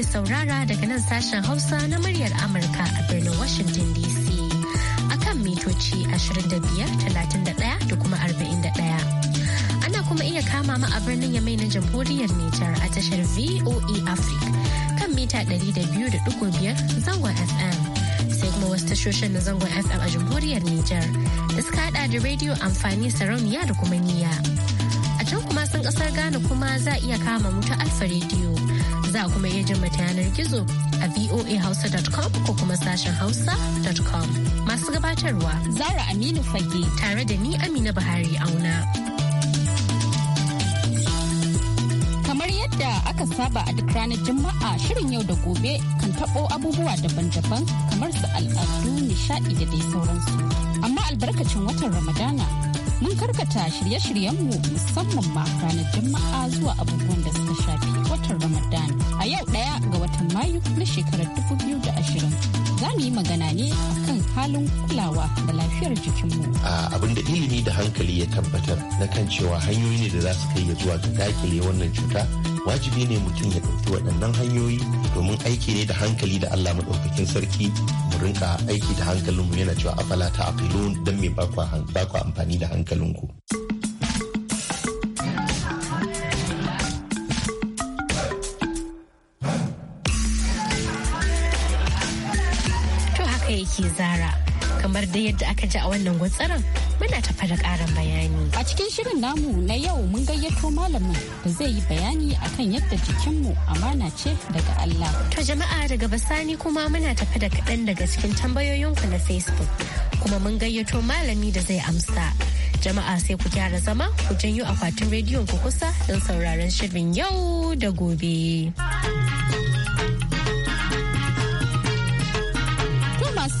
kuke saurara daga nan sashen Hausa na muryar Amurka a birnin Washington DC. a kan mitoci 25,31 da kuma 41. Ana kuma iya kama mu a birnin Yamai na Jamhuriyar Nijar a tashar VOA e Africa kan mita 200.5 zangon FM. Sai kuma wasu tashoshin na zangon FM a Jamhuriyar Nijar da suka hada da rediyo amfani sarauniya da kuma niyya. kasar Ghana kuma za iya kama mu ta Alfa Radio. Za kuma iya jin mata yanar gizo a voahausa.com ko kuma sashen hausa.com. Masu gabatarwa Zara Aminu Fage tare da ni Amina Buhari auna. Kamar yadda aka saba a duk ranar Juma'a shirin yau da gobe kan taɓo abubuwa daban-daban kamar su al'adu, nishaɗi da dai sauransu. Amma albarkacin watan Ramadana mun karkata shirye-shiryenmu musamman ma ranar jama'a zuwa abubuwan da suka shafi watan ramadan a yau daya ga watan mayu na shekarar dubu biyu 2020 za mu yi magana ne akan halin kulawa da lafiyar jikinmu abin da ilimi da hankali ya tabbatar na kan cewa hanyoyi ne da za su kai ya zuwa ga dakile wannan cuta wajibi ne mutum ya ɗauki waɗannan hanyoyi domin aiki ne da hankali da allah maɗaukakin sarki rinka aiki da hankalinmu yana cewa afala ta aqilun dan mai ba ku amfani da hankalinku to haka yake zara kamar da yadda aka ji a wannan gwatsaran muna tafa da ƙaran bayani. A cikin shirin namu na yau mun gayyato malamin da zai yi bayani akan yadda jikinmu amana ce daga Allah. To jama'a daga basani kuma muna tafa da kaɗan daga cikin tambayoyinku na Facebook kuma mun gayyato malami da zai amsa. Jama'a sai ku gyara zama ku janyo akwatin rediyon ku kusa don sauraron shirin yau da gobe.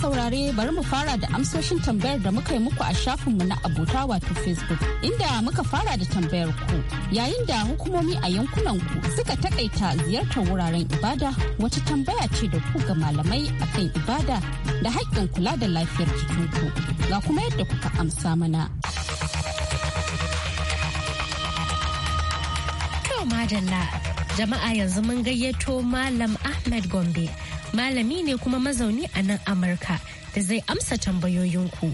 saurare bari mu fara da amsoshin tambayar da muka yi muku a shafinmu na abota wato Facebook inda muka fara da tambayar ku yayin da hukumomi a yankunan ku suka takaita ziyartar wuraren ibada wata tambaya ce da ku ga malamai akan ibada da haƙƙin kula da lafiyar jikinku ga kuma yadda kuka amsa mana. jama'a yanzu mun gayyato Malam Ahmed Gombe malami ne kuma mazauni a nan Amurka da zai amsa tambayoyinku.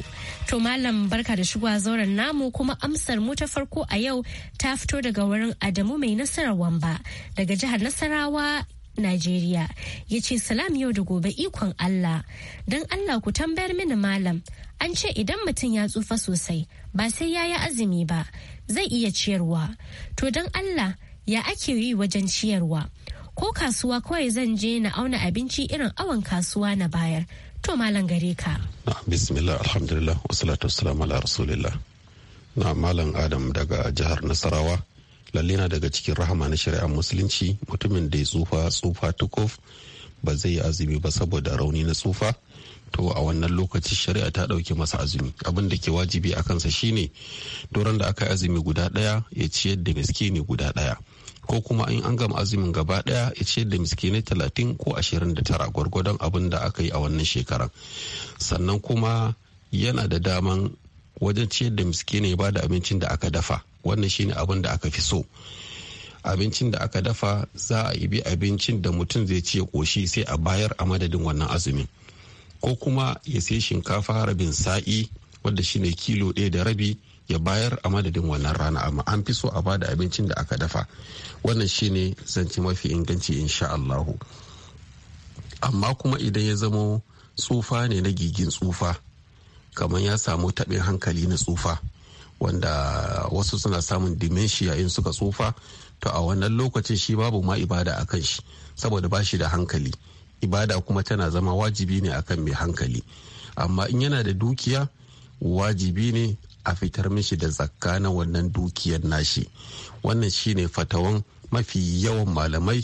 To malam barka da shigowa zauren namu kuma amsar mu ta farko a yau ta fito daga wurin Adamu mai nasarar Wamba daga jihar Nasarawa Najeriya ya ce salam yau da gobe ikon Allah don Allah ku tambayar mini malam an ce idan mutum ya tsufa sosai ba sai ya yi azumi ba zai iya ciyarwa to don Allah ya ake yi wajen ciyarwa ko kasuwa kawai zan je na auna abinci irin awon kasuwa na bayar to malam gare ka bismillah alhamdulillah wassalamu ala rasulillah na malam adam daga jihar nasarawa lallina daga cikin rahama na shari'ar musulunci mutumin da ya tsufa tsufa tukuf ba zai yi azumi ba saboda rauni na tsufa to a wannan lokaci shari'a ta ɗauke masa azumi abin da ke wajibi a kansa shine doron da aka yi azumi guda ɗaya ya ciyar da miskini guda ɗaya ko kuma in an gama azumin gaba daya ya ciyar da miskinai talatin ko ashirin da tara gwargwadon abin da aka yi a wannan shekaran sannan kuma yana da daman wajen ciyar da miskinai ba da abincin da aka dafa wannan shine abin da aka fi so abincin da aka dafa za a ibi abincin da mutum zai ci ya koshi sai a bayar a madadin wannan azumin ko kuma ya sai shinkafa rabin sa'i wadda shine kilo ɗaya da rabi ya bayar a madadin wannan rana amma an fi so a bada abincin da aka dafa wannan shine zance mafi inganci insha Allahu amma kuma idan ya zamo tsufa ne na gigin tsufa kamar ya samu taɓin hankali na tsufa wanda wasu suna samun dementia in suka tsufa to a wannan lokacin shi babu ma ibada a kan shi saboda ba shi da hankali ibada kuma tana zama wajibi ne akan mai hankali amma in yana da dukiya wajibi ne a fitar mishi da zakka na wannan dukiyar nashi wannan shine fatawan mafi yawan malamai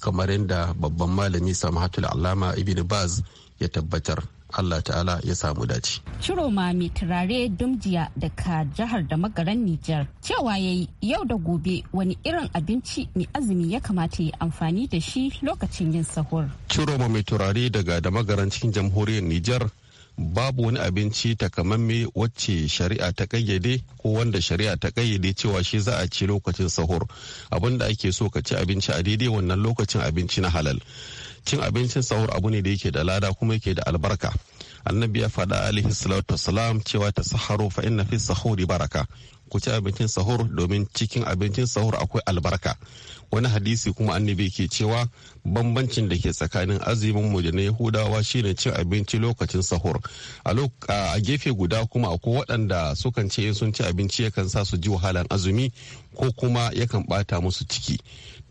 kamar yadda babban malami samhatul alama ibn baz ya tabbatar Allah ta'ala ya samu dace. Ciroma mai turare dumjiya daga jihar da magaran Nijar cewa ya yi yau da gobe wani irin abinci mai azumi ya kamata ya amfani da shi lokacin yin sahur. Ciroma mai turare daga da magaran cikin jamhuriyar Nijar babu wani abinci takamamme wacce shari'a ta kayyade ko wanda shari'a ta kayyade cewa shi za a ci lokacin sahur abinda ake so ka ci abinci a daidai wannan lokacin abinci na halal cin abincin sahur abu ne da yake da lada kuma yake da albarka annabi ya faɗa alaihi salatu wasalam cewa ta saharo fa inna fi sahuri baraka ku ci abincin sahur domin cikin abincin sahur akwai albarka wani hadisi kuma annabi ke cewa bambancin da ke tsakanin azumin mu da na yahudawa shine cin abinci lokacin sahur a gefe guda kuma akwai waɗanda sukan ce sun ci abinci yakan sa su ji wahalan azumi ko kuma yakan bata musu ciki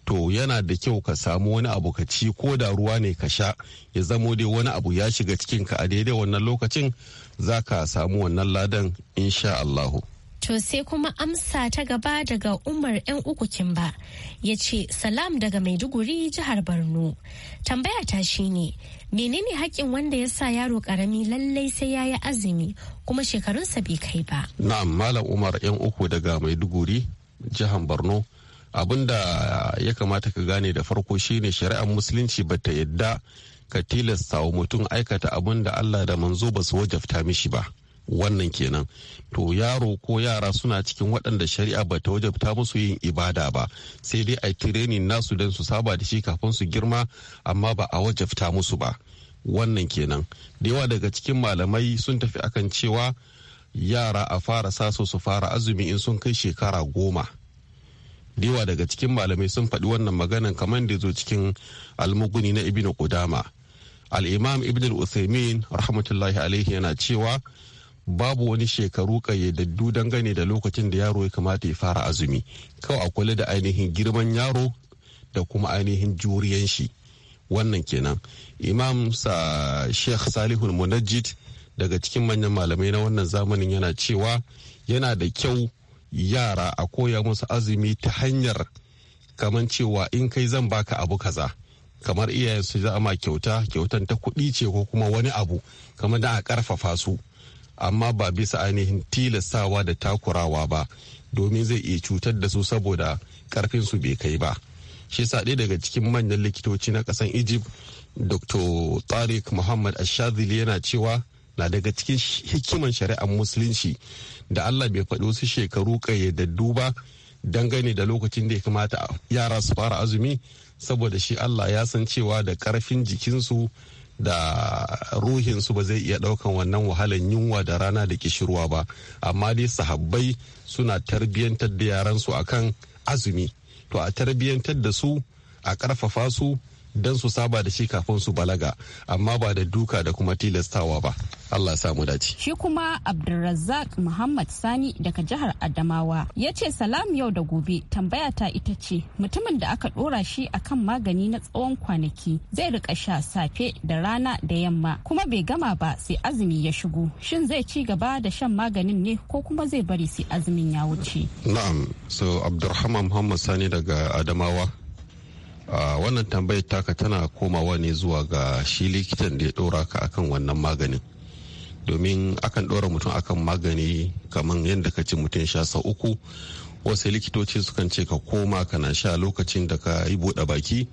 to yana da kyau ka samu wani abu ka ci ko da ruwa ne ka sha ya zamo dai wani abu ya shiga cikin ka a daidai wannan lokacin za ka samu wannan ladan insha Allahu. To sai kuma amsa ta gaba daga Umar 'yan uku ba ya ce salam daga Maiduguri jihar Borno. Tambaya ta shine menene haƙƙin wanda ya sa yaro ƙarami lallai sai ya yi azumi kuma shekarunsa bai kai ba. Na'am Malam Umar 'yan uku daga Maiduguri jihar Borno da ya kamata ka gane da farko shine shari'ar musulunci bata yadda ka tilasta wa mutum aikata abin da Allah da manzo ba su wajabta mishi ba. wannan kenan to yaro ko yara suna cikin waɗanda shari'a ba ta wajabta musu yin ibada ba sai dai a tirenin nasu don su saba da shi kafin su girma amma ba a wajabta musu ba wannan kenan da yawa daga cikin malamai sun tafi akan cewa yara a fara sa su fara azumi in sun kai shekara goma da yawa daga cikin malamai sun faɗi wannan maganan kamar da zo cikin almuguni na ibina qudama al-imam ibn al-uthaymin rahmatullahi alaihi yana cewa babu wani shekaru kayyadaddu dangane da lokacin da yaro ya kamata ya fara azumi kawai a kula da ainihin girman yaro da kuma ainihin juriyan shi wannan kenan imam sa sheikh salihul munajjid daga cikin manyan malamai na wannan zamanin yana cewa yana da kyau yara a koya musu azumi ta hanyar kamar cewa in kai zan baka abu kaza kamar iyayen su za ma kyauta kyautan ta kuɗi ce ko kuma wani abu kamar da a ƙarfafa su amma ba bisa ainihin tilastawa da takurawa ba domin zai iya cutar da su saboda karfin su bai kai ba shi sa ɗaya daga cikin manyan likitoci na ƙasan egypt dr tariq muhammad ashazili yana cewa na daga cikin hikiman shari'ar musulunci da allah bai faɗi wasu shekaru ƙayyadaddu ba dangane da lokacin da ya kamata yara su fara azumi saboda shi allah ya san cewa da ƙarfin jikinsu da ruhinsu ba zai iya daukan wannan wahalan yunwa da rana da kishirwa ba amma dai sahabbai suna tarbiyyantar da yaransu akan azumi to a tarbiyyantar da su a karfafa su don su saba da shi kafin su balaga amma ba da duka da kuma tilastawa ba Allah samu dace. Shi kuma Abdulrazak Muhammad Sani daga jihar Adamawa ya ce salam yau da gobe tambaya ta ita ce mutumin da aka dora shi akan magani na tsawon kwanaki zai rika sha safe da rana da yamma kuma bai gama ba sai azumi ya shigo shin zai ci gaba da shan maganin ne ko kuma zai bari sai azumin ya wuce. Na'am so Abdulrahman Muhammad Sani daga Adamawa wannan tambayar taka tana komawa ne zuwa ga shi likitan da ya dora ka akan wannan maganin domin akan dora mutum akan magani kamar yadda ka ce mutum sha sau uku wasu likitoci sukan ce ka koma kana sha lokacin da ka yi buɗe baki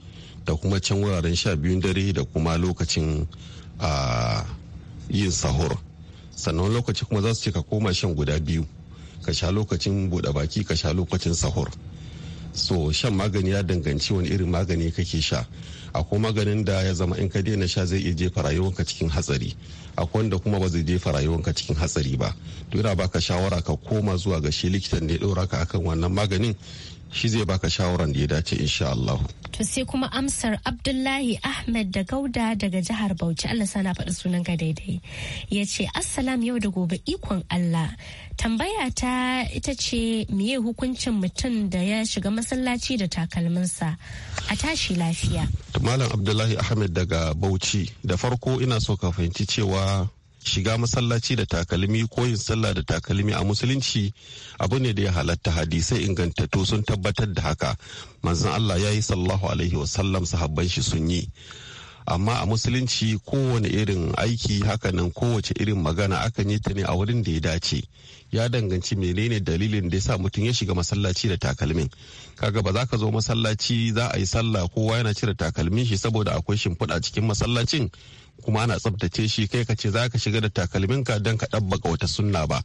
da kuma can wuraren sha biyun dare da kuma lokacin yin sahur sannan lokaci kuma za su ce ka koma shan guda biyu ka sha lokacin buɗe baki ka sha lokacin sahur so shan magani ya danganci wani irin magani kake sha akwai maganin da ya zama in ka daina sha zai iya jefa rayuwarka cikin hatsari akwai wanda kuma ba zai jefa ka cikin hatsari ba to ina baka shawara ka koma zuwa ga shi likitan da ya ɗora ka akan wannan maganin shi zai baka shawaran da ya dace insha Allah. To sai kuma amsar Abdullahi Ahmed da Gauda daga jihar Bauchi Allah sana faɗi sunan ka daidai. yace ce Assalam yau da gobe ikon Allah. Tambaya ta ita ce meye hukuncin mutum da ya shiga masallaci da takalminsa a tashi lafiya. Malam Abdullahi Ahmed daga Bauchi da farko ina so ka fahimci cewa shiga masallaci da takalmi ko yin sallah da takalmi a musulunci abu ne da ya halatta hadisai ingantattu sun tabbatar da haka manzon Allah ya yi sallahu alaihi wasallam sahabban shi sun yi amma a musulunci kowane irin aiki hakanan kowace irin magana akan yi ta ne a wurin da ya dace ya danganci menene dalilin da ya sa mutum ya shiga masallaci da takalmin kaga ba za ka zo masallaci za a yi sallah kowa yana cire takalmin shi saboda akwai shimfiɗa cikin masallacin kuma ana tsabtace shi kai ka ce za ka shiga da takalmin ka don ka ɗabbaka wata sunna ba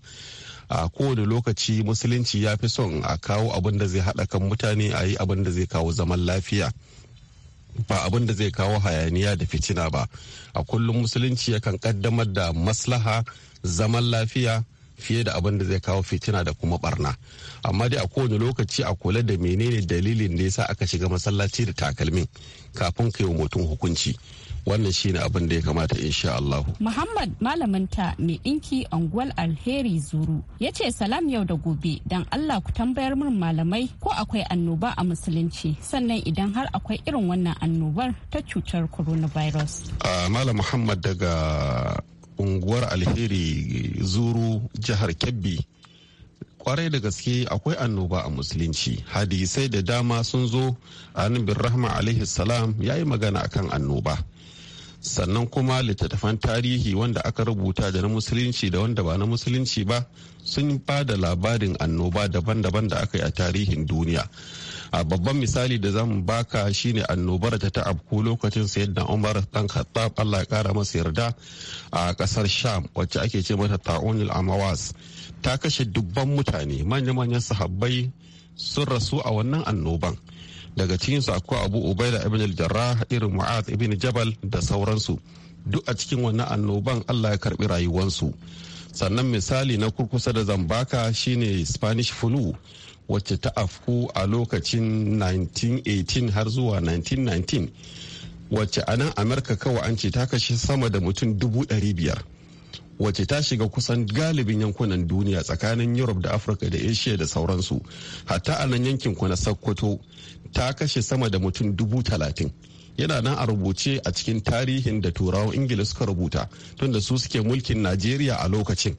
a kowane lokaci musulunci ya fi son a kawo abin da zai haɗa kan mutane a yi abin da zai kawo zaman lafiya ba abin da zai kawo hayaniya da fitina ba a kullum musulunci yakan kaddamar da maslaha zaman lafiya fiye da abin da zai kawo fitina da kuma barna amma dai a kowane lokaci a kula da menene dalilin da yasa aka shiga masallaci da takalmin kafin kai wa mutum hukunci wannan shine abin da ya kamata insha Allah. Muhammad malaminta mai ɗinki unguwar alheri zuru ya ce salam yau da gobe don Allah ku tambayar min malamai ko akwai annoba a musulunci sannan idan har akwai irin wannan annobar ta cutar coronavirus. Malam Muhammad daga unguwar alheri zuru jihar Kebbi kwarai da gaske akwai annoba a musulunci hadisai da dama sun zo a bin rahma alaihi salam ya yi magana akan annoba sannan kuma littattafan tarihi wanda aka rubuta da na musulunci da wanda ba na musulunci ba sun ba da labarin annoba daban-daban da aka yi a tarihin duniya a babban misali da zamu baka shine annobar ta ko lokacin da umar dan khattab Allah ya kara masa yarda a kasar sham wacce ake ce mata ta'unil amawas ta kashe dubban mutane manya-manyan sahabbai sun rasu a wannan annoban daga cikinsu akwai abu ubaida ibn al-jarrah irin mu'az ibn jabal da sauransu duk a cikin wannan annoban allah ya karbi rayuwansu sannan misali na kurkusa da zambaka shine spanish flu wacce ta afku a lokacin 1918 har zuwa 1919 wacce a nan amurka kawai an ce ta kashe sama da mutum dubu biyar wacce ta shiga kusan galibin yankunan duniya tsakanin europe da afirka da asia da sauransu hatta a nan yankin ku na sokoto ta kashe sama da mutum dubu talatin yana nan a rubuce a cikin tarihin da turawan ingila suka rubuta tunda su suke mulkin najeriya a lokacin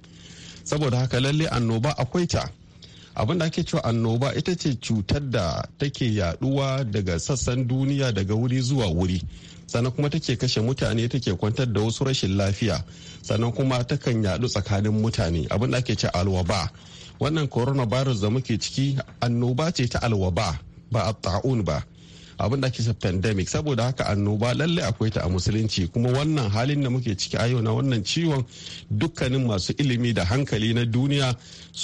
saboda haka lalle annoba akwai ta abin da ake cewa annoba ita ce cutar da take yaduwa daga sassan duniya daga wuri zuwa wuri sannan kuma take kashe mutane take kwantar da wasu rashin lafiya sannan kuma takan yadu tsakanin mutane abin da ake ce alwaba wannan coronavirus da muke ciki annoba ce ta alwaba ba a ta'un ba abin da ake sa pandemic saboda haka annoba lalle akwai ta a musulunci kuma wannan halin da muke ciki a yau na wannan ciwon dukkanin masu ilimi da hankali na duniya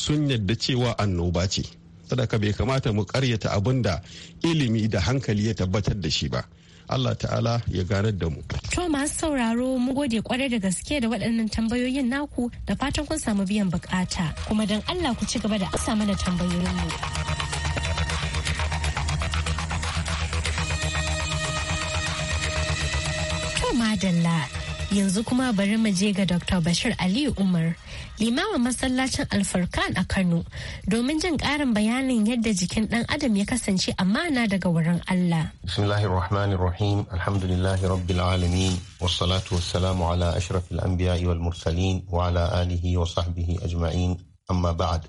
sun yadda cewa annoba ce sadaka bai kamata mu karyata abin da ilimi da hankali ya tabbatar da shi ba Allah ta'ala ya ganar da mu. To masu sauraro mu gode kwarai da gaske da waɗannan tambayoyin naku da fatan kun samu biyan bukata kuma don Allah ku ci gaba da asa mana mu. dalla, yanzu kuma bari mu je ga Dr. Bashir Aliyu Umar, limamin masallacin Alfarkan a Kano, domin jin ƙarin bayanin yadda jikin ɗan adam ya kasance amana daga wurin Allah. Bismillahirrahmanirrahim, alhamdulillahi rabbil alamin, wassalatu wassalamu ala ashrafil anbiya'i wal mursalin wa ala alihi wa sahbihi ajma'in, amma ba'ad.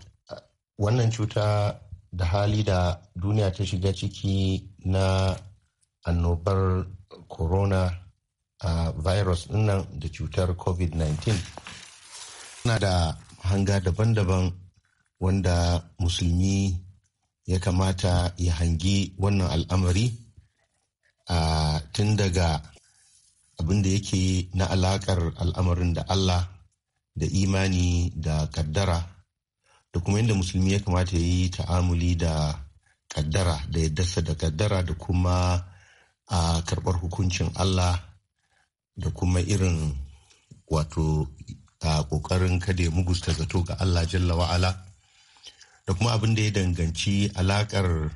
Wannan cuta da hali da duniya ta shiga ciki na annobar corona a virus dinnan da cutar covid-19 na da hanga daban-daban wanda musulmi ya kamata ya hangi wannan al'amari tun daga abin da yake na alakar al'amarin da Allah da imani da kaddara da kuma yadda musulmi ya kamata ya yi ta'amuli da kaddara da yaddarsa da kaddara da kuma a karɓar hukuncin Allah da kuma irin wato a ƙoƙarin kada ya ta zato ga Allah jalla wa'ala da kuma abin da ya danganci alaƙar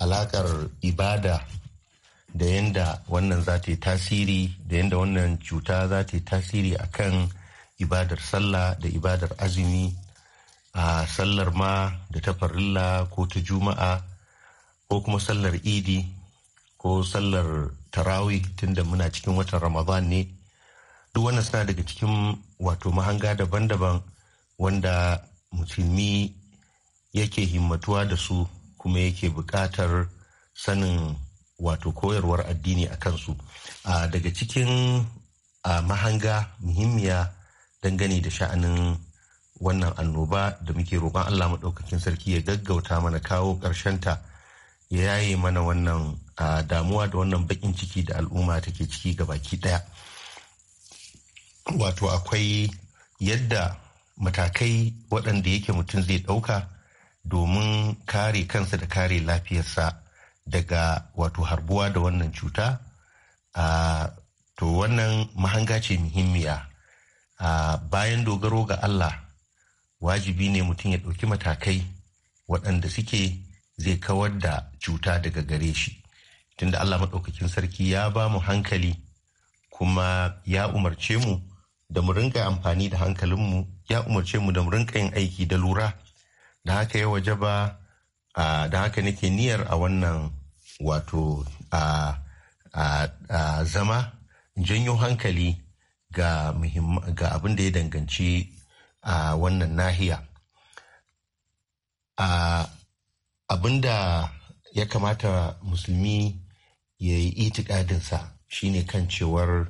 alaƙar ibada da yadda wannan za ta yi tasiri da yadda wannan cuta za ta yi tasiri a kan ibadar sallah da ibadar azumi a sallar ma da ta farilla ko ta juma'a ko kuma sallar idi ko sallar tarawih tunda muna cikin watan ramadan ne duk wannan suna daga cikin wato mahanga daban-daban wanda musulmi yake himmatuwa da su kuma yake buƙatar sanin wato koyarwar addini a kansu daga cikin mahanga muhimmiya dangane da sha'anin wannan annoba da muke roƙon Allah maɗaukakin sarki ya gaggauta mana kawo ƙarshenta ya yaye mana wannan damuwa da wannan bakin ciki da al'umma take ciki ga baki daya wato akwai yadda matakai waɗanda yake mutum zai ɗauka domin kare kansa da kare lafiyarsa daga wato harbuwa da wannan cuta to wannan mahanga ce muhimmiya bayan dogaro ga Allah wajibi ne mutum ya ɗauki matakai waɗanda suke zai kawar da cuta daga gare shi tunda Allah maɗaukakin sarki ya ba mu hankali kuma ya umarce mu da mu rinka amfani da hankalinmu ya umarce mu da mu rinka yin aiki da lura da haka ya waje ba da haka nake niyyar a wannan wato a zama janyo hankali ga abin da ya danganci a wannan nahiya. a da ya kamata musulmi ya yi itikadinsa shine kan cewar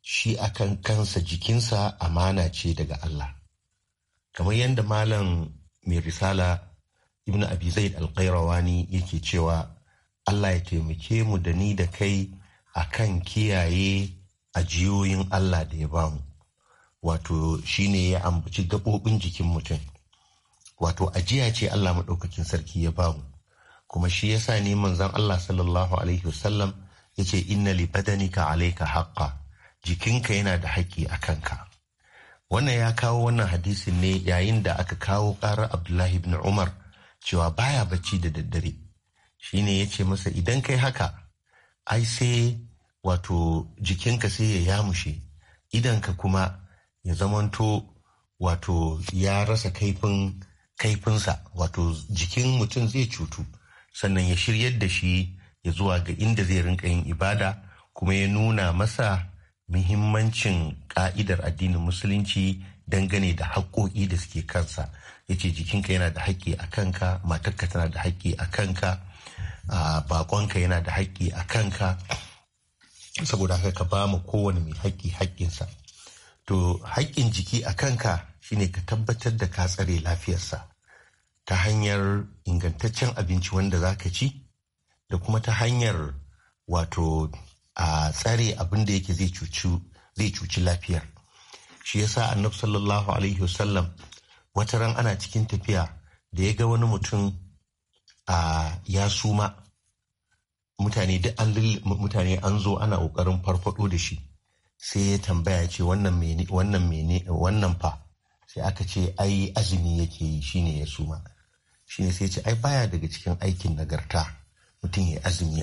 shi akan kansa jikinsa amana ce daga Allah kamar yadda malam mai risala ibn abi zaid alqairawani yake cewa Allah ya taimake mu da ni da kai a kan kiyaye ajiyoyin Allah da ya bamu wato shine ya ambaci gaɓoɓin jikin mutum wato ajiya ce Allah maɗaukakin sarki ya ba mu kuma shi yasa ne manzon Allah sallallahu alaihi wasallam yace inna li badanika alayka haqqa jikinka yana da haƙƙi a kanka wannan ya kawo wannan hadisin ne yayin da aka kawo ƙarar Abdullahi ibn Umar cewa baya bacci da daddare shine yace masa idan kai haka ai sai wato jikinka sai ya yamushe idanka kuma ya zamanto wato ya rasa kaifin kaifinsa wato jikin mutum zai cutu sannan ya shiryar da shi ya zuwa ga inda zai rinka yin ibada kuma ya nuna masa muhimmancin ka'idar addinin musulunci dangane da haƙoƙi da suke kansa ya ce jikinka yana da haƙƙi a kanka matarka tana da haƙƙi a kanka baƙonka yana da haƙƙi a kanka saboda haka ka ba mu kowane mai haƙƙi haƙƙinsa to haƙƙin jiki a kanka shine ka tabbatar da ka tsare lafiyarsa ta hanyar ingantaccen abinci wanda za ka ci da kuma ta hanyar wato a tsare abin da yake zai cuci lafiyar shi yasa annabi sallallahu alaihi wasallam wata ran ana cikin tafiya da ya ga wani mutum a ya suma mutane an mutane an zo ana kokarin farfado da shi sai ya tambaya ce wannan fa sai aka ce ai azumi yake yi shine ya suma shi ne sai ce ai baya daga cikin aikin nagarta mutum ya azumi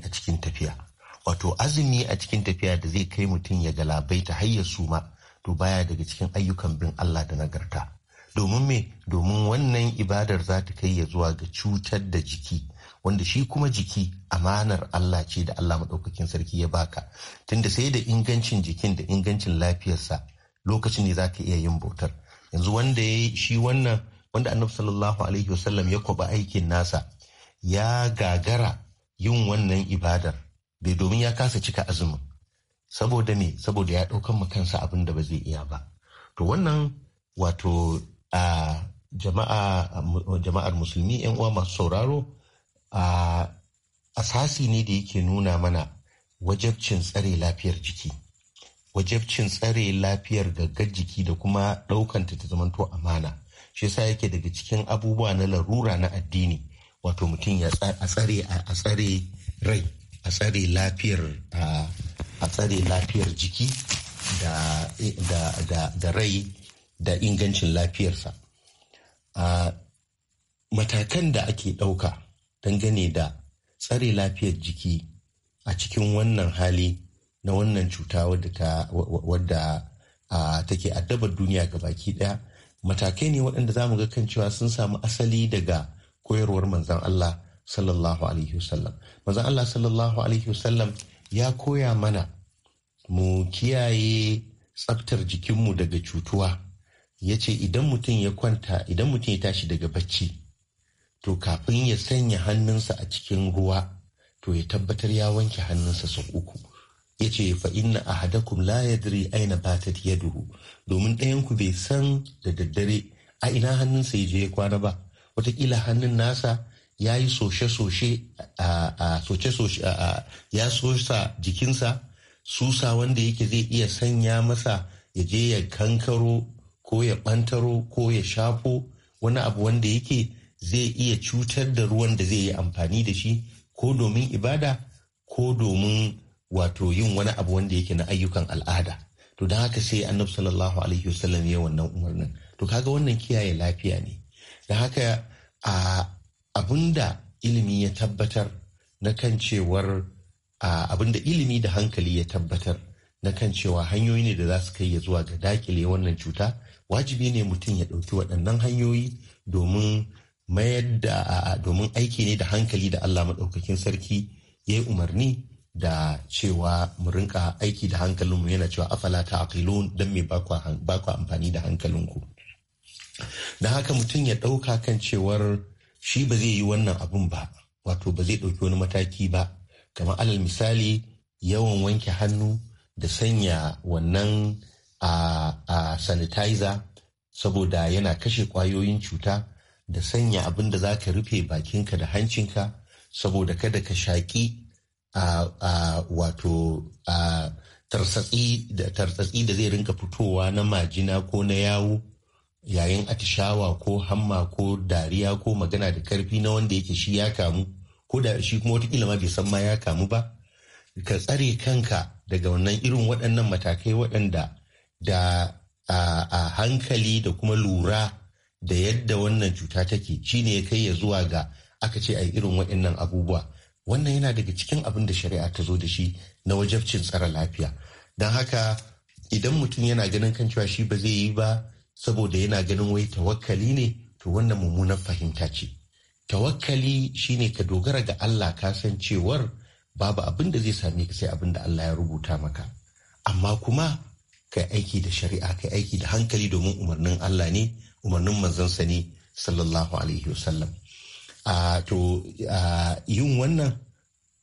a cikin tafiya wato azumi a cikin tafiya da zai kai mutum ya galabaita har ya suma to baya daga cikin ayyukan bin Allah da nagarta domin me domin wannan ibadar za ta kai ya zuwa ga cutar da jiki wanda shi kuma jiki amanar Allah ce da Allah maɗaukakin sarki ya baka tunda sai da ingancin jikin da ingancin lafiyarsa lokacin ne za ka iya yin bautar yanzu wanda ya yi shi wannan wanda annabi sallallahu alaihi wasallam ya kwaba aikin nasa ya gagara yin wannan ibadar bai domin ya kasa cika azumin saboda ne saboda ya ɗaukan mu kansa abin da ba zai iya ba to wannan wato a jama'a jama'ar musulmi yan uwa masu sauraro a asasi ne da yake nuna mana wajabcin tsare lafiyar jiki wajabcin tsare lafiyar gaggar jiki da kuma ɗaukanta ta zamanto amana shi sa yake daga cikin abubuwa na larura na addini wato mutum ya tsare a tsare rai a tsare lafiyar a tsare lafiyar jiki da, rai da ingancin lafiyarsa a matakan da ake ɗauka dangane da tsare lafiyar jiki a cikin wannan hali na wannan cuta wadda take addabar duniya ga baki ɗaya matakai ne waɗanda za mu ga kan cewa sun samu asali daga koyarwar manzan Allah sallallahu alaihi wasallam manzan Allah sallallahu alaihi wasallam ya koya mana mu kiyaye tsaftar jikinmu daga cutuwa ya ce idan mutum ya kwanta idan mutum ya tashi daga bacci to kafin ya sanya hannunsa a cikin ruwa to ya tabbatar ya wanke hannunsa sau uku ya ce fa inna ahadakum la yadri aina batat duhu domin ɗayanku bai san da daddare a ina hannunsa ya je ya kwana ba watakila hannun nasa ya yi soshe-soshe a ya sosa jikinsa susa wanda yake zai iya sanya masa ya je ya kankaro ko ya ɓantaro ko ya shafo wani abu wanda yake zai iya cutar da ruwan da zai yi amfani da shi ko domin ibada ko domin wato yin wani abu wanda yake na ayyukan al'ada to don haka sai annabi sallallahu alaihi wasallam ya wannan umarnin to kaga wannan kiyaye lafiya ne don haka a abinda ilimi ya tabbatar na kan cewar abinda ilimi da hankali ya tabbatar na kan cewa hanyoyi ne da za su kai ya zuwa ga dakile wannan cuta wajibi ne mutum ya ɗauki waɗannan hanyoyi domin mayar da domin aiki ne da hankali da Allah maɗaukakin sarki ya yi umarni da cewa mu rinka aiki da hankalinmu yana cewa afala ta aqilun don me ba ku amfani da hankalinku da haka mutum ya ɗauka kan cewar shi ba zai yi wannan abun ba wato ba zai ɗauki wani mataki ba kamar alal misali yawan wanke hannu da sanya wannan a, a sanitizer saboda yana kashe ƙwayoyin cuta da sanya abin da za ka rufe bakinka da hancinka saboda kada ka shaƙi wato tarsatsi da da zai rinka fitowa na majina ko na yawo yayin atishawa ko hamma ko dariya ko magana da karfi na wanda yake shi ya kamu ko da shi kuma watakila ma bai san ma ya kamu ba ka tsare kanka daga wannan irin waɗannan matakai waɗanda da a hankali da kuma lura da yadda wannan cuta take shine ya kai ya zuwa ga aka ce a irin waɗannan abubuwa wannan yana daga cikin abin da shari'a ta zo da shi na wajabcin tsara lafiya don haka idan mutum yana ganin kan cewa shi ba zai yi ba saboda yana ganin wai tawakkali ne to wannan mummunar fahimta ce tawakkali shine ka dogara ga Allah ka san cewar babu abin da zai same ka sai abin da Allah ya rubuta maka amma kuma ka aiki da shari'a ka aiki da hankali domin umarnin Allah ne umarnin manzansa ne sallallahu alaihi wasallam a to yin wannan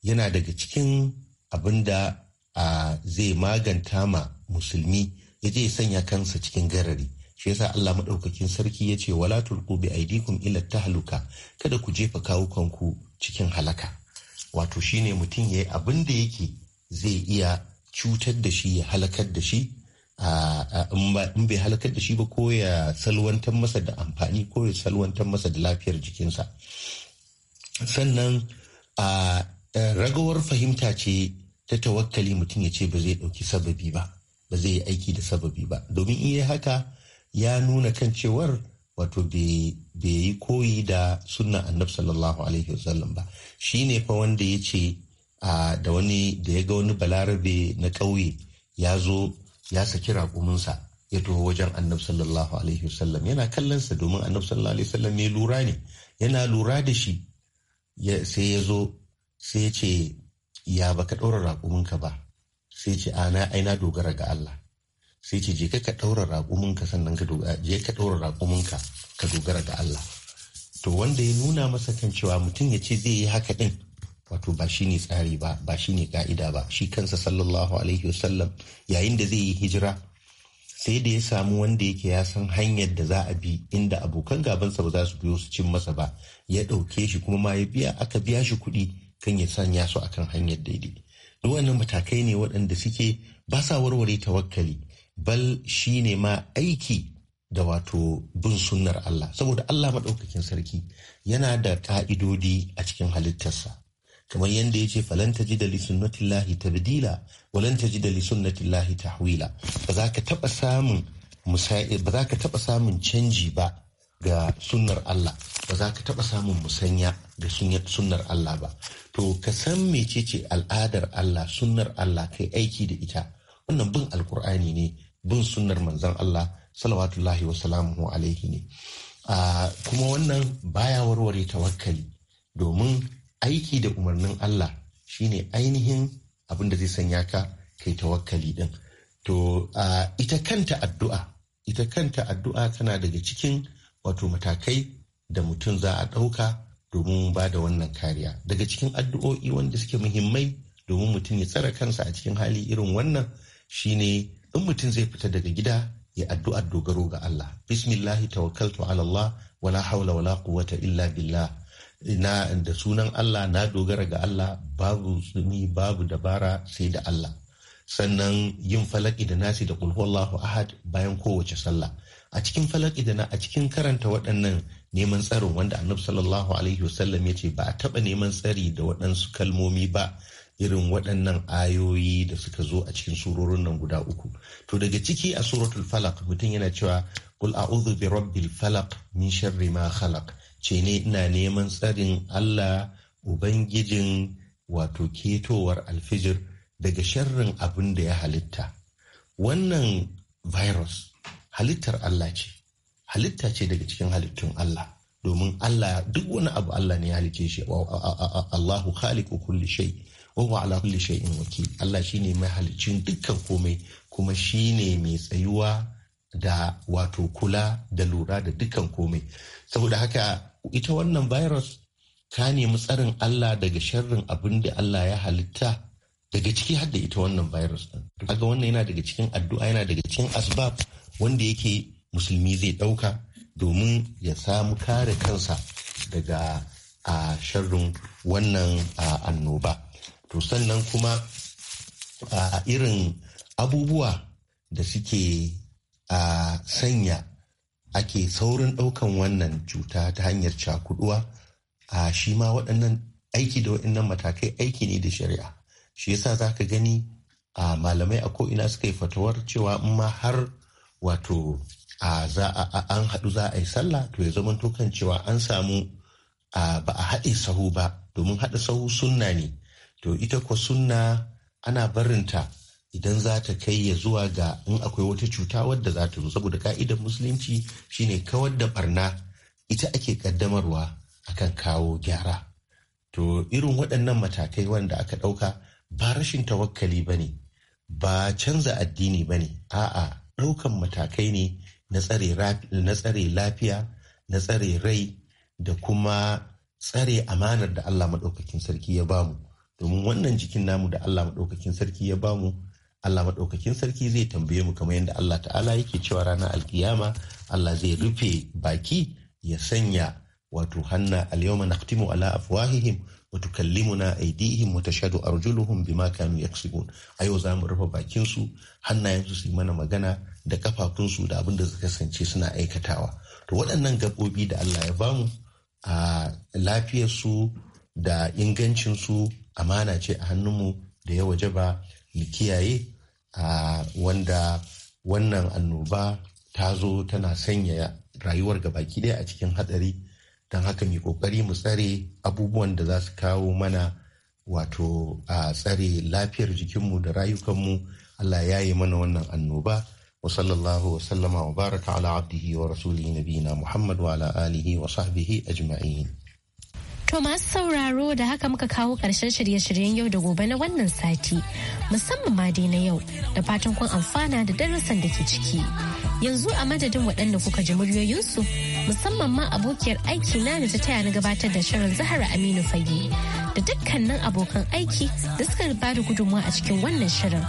yana daga cikin abin da zai maganta ma musulmi ya je sanya kansa cikin garari shi yasa Allah maɗaukakin sarki ya ce wala tulqu bi aidikum ta tahluka kada ku jefa kawukanku cikin halaka wato shine mutum yayi abin da yake zai iya cutar da shi ya halakar da shi in bai halakar da shi ba ko ya salwantar masa da amfani ko ya salwantar masa da lafiyar jikinsa sannan a ragawar fahimta ce ta tawakkali mutum ya ce ba zai ɗauki sababi ba ba zai yi aiki da sababi ba domin iya haka ya nuna kan cewar wato bai yi koyi da sunna annabi sallallahu alaihi wasallam ba shi ne fa wanda ya ce da wani da ya ga wani balarabe na ƙauye ya zo ya saki raƙuminsa ya tuho wajen annabi sallallahu alaihi wasallam yana kallonsa domin annabi sallallahu alaihi wasallam mai lura ne yana lura da shi sai ya zo sai ya ce ya baka ɗaura raƙuminka ba sai ce a na aina dogara ga Allah sai ce je ka ɗaura raƙuminka sannan ka dogara je ka ɗaura raƙuminka ka dogara ga Allah to wanda ya nuna masa kan cewa mutum ya ce zai yi haka din? wato ba shi ne tsari ba ba shi ne ka'ida ba shi kansa sallallahu alaihi wasallam yayin da zai yi hijira sai da ya samu wanda yake ya san hanyar da za a bi inda abokan gabansa ba za su biyo su cin masa ba ya ɗauke shi kuma ma ya biya aka biya shi kuɗi kan ya sanya su akan hanyar daidai duk wannan matakai ne waɗanda suke ba sa warware tawakkali bal shi ne ma aiki da wato bin sunnar Allah saboda Allah maɗaukakin sarki yana da ƙa'idodi a cikin halittarsa kamar yadda ya ce falanta ji da lisunnatillahi tabdila walanta ji da lisunnatillahi tahwila ba za ka taba samun ba za ka taba samun canji ba ga sunnar Allah ba za ka taba samun musanya ga sunnar Allah ba to ka san mecece al'adar Allah sunnar Allah kai aiki da ita wannan bin alkur'ani ne bin sunnar manzon Allah salawatullahi wa salamuhu alaihi ne ah, kuma wannan baya warware tawakkali domin aiki da umarnin Allah shine ainihin abin da zai sanya ka kai tawakkali din to ita kanta addu'a ita kanta addu'a tana daga cikin wato matakai da mutum za a ɗauka domin ba da wannan kariya daga cikin addu'o'i wanda suke muhimmai domin mutum ya tsara kansa a cikin hali irin wannan shine in mutum zai fita daga gida ya addu'ar dogaro ga Allah bismillahi tawakkaltu ala Allah wala hawla wala quwwata illa billah na da sunan Allah na dogara ga Allah babu tsumi babu dabara sai da Allah sannan yin falaki da nasi da kulhu Allahu ahad bayan kowace sallah a cikin falaki da na a cikin karanta waɗannan neman tsarin wanda annabi sallallahu alaihi wasallam ya ce ba a taɓa neman tsari da waɗansu kalmomi ba irin waɗannan ayoyi da suka zo a cikin surorin nan guda uku to daga ciki a suratul falaq mutum yana cewa qul a'udhu bi rabbil falaq min sharri ma khalaq ce ne ina neman tsarin Allah Ubangijin wato ketowar alfijir daga sharrin abin da ya halitta. Wannan virus halittar Allah ce, halitta ce daga cikin halittun Allah. Domin Allah duk wani abu Allah ne ya halice shi, Allahu khaliku kulli shai, wa ala kulli shay'in waki. Allah shi ne mai halicin dukkan komai kuma shi ne mai tsayuwa da wato kula da lura da dukkan komai. Saboda haka ita wannan virus ta nemi tsarin Allah daga sharrin abin da Allah ya halitta daga ciki har ita wannan virus din kaga wannan yana daga cikin addu'a yana daga cikin asbab wanda yake musulmi zai ɗauka domin ya samu kare kansa daga a sharrin wannan annoba to sannan kuma a irin abubuwa da suke a sanya ake saurin ɗaukan wannan cuta ta hanyar cakuduwa a shi ma waɗannan aiki da waɗannan matakai aiki ne da shari'a shi yasa za ka gani a malamai a ko'ina suka yi fatawar cewa in ma har wato a za a an haɗu za a yi sallah to ya zama tokan cewa an samu ba a haɗe sahu ba domin haɗa sahu sunna ne to ita ko sunna ana barinta idan za ta kai ya zuwa ga in akwai wata cuta wadda za ta zo saboda ka'idar musulunci shine kawar da barna ita ake kaddamarwa akan kawo gyara to irin waɗannan matakai wanda aka ɗauka ba rashin tawakkali ba ne ba canza addini ba ne a'a ɗaukan matakai ne na tsare lafiya na tsare rai da kuma tsare amanar da Allah maɗaukakin sarki ya bamu domin wannan jikin namu da Allah maɗaukakin sarki ya bamu Allah maɗaukakin sarki zai tambaye mu kamar yadda Allah ta'ala yake cewa ranar alkiyama Allah zai rufe baki ya sanya wato hanna alyawma naqtimu ala afwahihim wa tukallimuna aydihim wa tashhadu arjuluhum bima kanu yaksubun a yau mu rufe bakin su hannayen su su mana magana da kafafun su da abin da suka kasance suna aikatawa to waɗannan gabobi da Allah ya bamu a lafiyar su da ingancin su amana ce a hannunmu da ya waje ba. mu kiyaye a wanda wannan annoba ta zo tana sanya rayuwar gabaki ɗaya a cikin hatsari don haka mai kokari mu tsare abubuwan da za su kawo mana wato a tsare lafiyar jikinmu da rayukanmu Allah ya yi mana wannan annoba wa sallallahu wa sallama wa baraka ala abdihi wa rasulihi nabiyina Muhammad wa ala alihi wa sahbihi ajma'in To masu sauraro da haka muka kawo ƙarshen shirye-shiryen yau da gobe na wannan sati musamman ma dai na yau da fatan kun amfana da darasan da ke ciki. Yanzu a madadin waɗanda kuka ji muryoyinsu musamman ma abokiyar aiki na da ta taya na gabatar da shirin Zahara Aminu Fage da dukkanin abokan aiki da suka ba da gudunmawa a cikin wannan shirin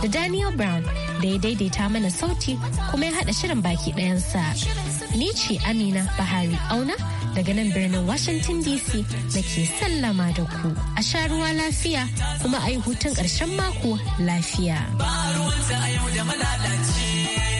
da Daniel Brown da ya daidaita mana sauti kuma ya haɗa shirin baki ɗayansa. ni ce Amina Bahari Auna daga nan birnin Washington DC da ke sallama da ku a sharuwa lafiya kuma a yi hutun ƙarshen mako lafiya. Ba yau da malalaci.